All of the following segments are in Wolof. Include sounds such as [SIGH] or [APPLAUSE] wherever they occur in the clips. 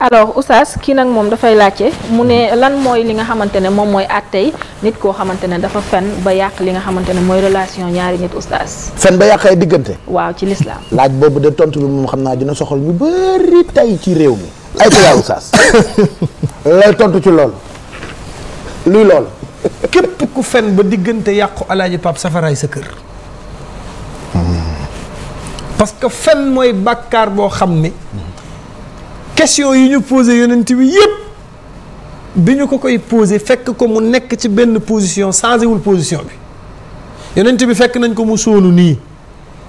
alors Oustaz kii nag moom dafay laajte mu ne lan mooy li nga xamante ne moom mooy tey nit koo xamante ne dafa fen ba yàq li nga xamante ne mooy relation ñaari nit Oustaz. fen ba yàq ay diggante. waaw ci lislaam laaj boobu de tontu moom xam naa dina soxal ñu bëri tey ci réew mi. ay ko yaa [LAUGHS] lay tontu ci loolu. luy loolu. képp ku fen ba diggante yàqu alaaji Pape safaraay sa kër. Hmm. parce que fen mooy bàkkaar boo xam ne. Hmm. question yi ñu posé yonent bi yëpp bi ñu ko koy posé fekk ko mu nekk ci benn position changé wul position bi yonent bi fekk nañ ko mu soonu nii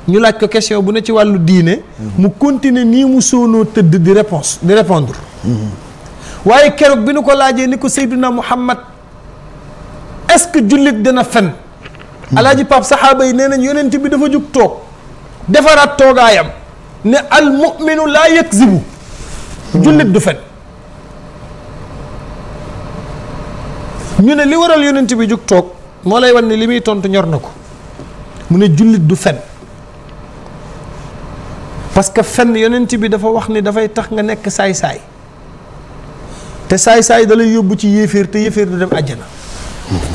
ñu laaj ko question bu ne ci wàllu diine mu continuer nii mu soonoo tëdd di réponse di répondre mm-hmm. waaye keroog bi nu ko laajee ni ko Seydina Muhammad est-ce que jullit dina fen mm-hmm. alaaji Pape saxaaba yi nee nañ yonent bi dafa jug toog defaraat toogaayam ne al mu'minu laa yakzibu jullit du fen ñu ne li waral yonent bi jug toog moo lay wan ne li muy tontu ñor na ko mu ne jullit du fen parce que fen yonent bi dafa wax ni dafay tax nga nekk saay-saay te saay-saay dalay yóbbu ci yéeféer te yéeféer du dem àjjana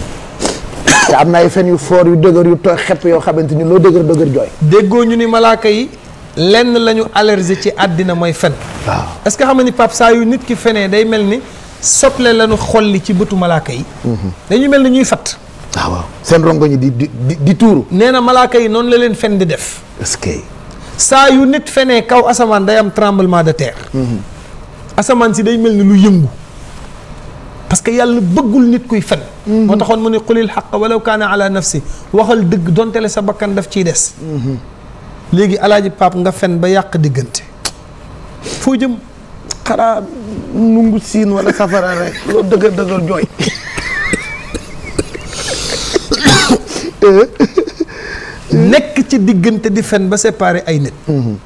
[COUGHS] te am na fen yu foor yu dëgër yu tooy xepp yoo xamante ni loo dëgër dëgër jooy déggoo ñu ni malaaka yi lenn lañu ñu ci àddina mooy fen waaw est-ce que xam nga ni saa yu nit ki fenee day mel ni sople lañu xolli ci bëtu malaaka yi mhm. dañuy mel ni ñuy fat waaw ah, waaw seen rongo di di di tuuru nee na malaaka yi noonu la leen fen di def est que saa yu nit fene kaw asamaan day am tremblement de terre mhm. asamaan si day mel ni lu yëngu parce que yàlla bëggul nit kuy fen mhm. moo taxoon mu ne qulil xaq walaw kaana ala nafsi waxal dëgg donte sa bakkan daf ciy des léegi alaaji Pape nga fen ba yàq diggante foo jëm xanaa nungu siin wala safara rek loo dëgër dëgër jooy [COUGHS] nekk ci diggante di fen ba séparé ay nit mm-hmm.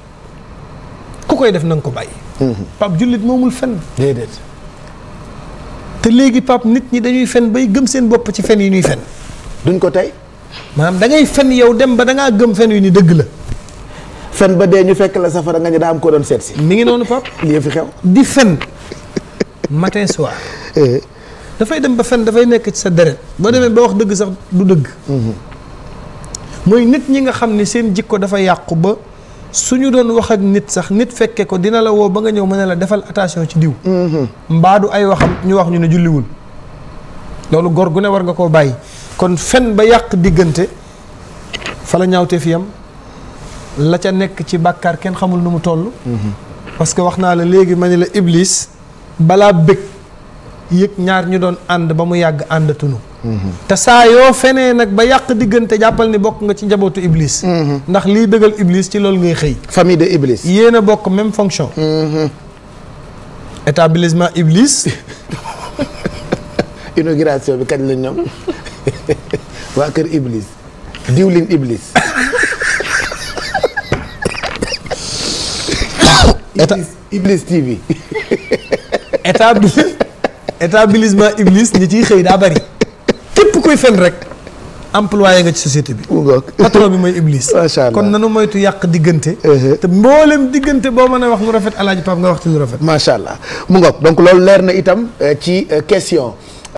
ku koy def na ko bàyyi mm-hmm. Pape jullit moomul fen te léegi Pape nit ñi dañuy fen bay gëm seen bopp ci fen yi ñuy fen duñ ko tey maanaam dangay ngay fen yow dem ba dangaa gëm fen yu ni dëgg la fen ba dee ñu fekk la safara nga ñu daa am ko doon seet si. mi ngi noonu pap lii fi xew di fen matin soir. Eh. dafay dem ba fen dafay nekk ci sa deret. boo demee ba wax dëgg sax du dëgg. Mhm. mooy nit ñi nga xam ne seen jikko dafa yàqu ba su ñu doon wax ak nit sax nit fekkee ko dina la woo ba nga ñëw mën a la defal attention ci diw. Mhm. mbaadu ay waxam ñu wax ñu ne julliwul. loolu gor gu ne war nga koo bàyyi kon fen ba yàq diggante fa la ñaawte fi am la ca nekk ci bàkkaar kenn xamul nu mu toll mhm. parce que wax naa la léegi ma ne la iblis balaa bëgg yëg ñaar ñu doon ànd ba mu yàgg àndatunu mhm. te saa yoo fenee nag ba yàq diggante jàppal ni bokk nga ci njabootu iblis mhm. ndax liy dëggal iblis ci loolu ngay xëy famille de iblis yéen a bokk même fonction établissement iblis [LAUGHS] inauguration bi kañ la ñoom [LAUGHS] waa kër iblis diwlin iblis [LAUGHS] état Iblis TV. [LAUGHS] établi établissement Iblis ñi ciy xëy daa bari képp koy fen rek. employé nga ci société bi. patron bi mooy Iblis. macha allah kon nanu moytu yàq diggante. Uh-huh. te mboolem diggante boo mën a wax lu rafet alaaji Pape nga wax ci lu rafet. macha allah mu ngoog donc loolu leer na itam eh, ci eh, question.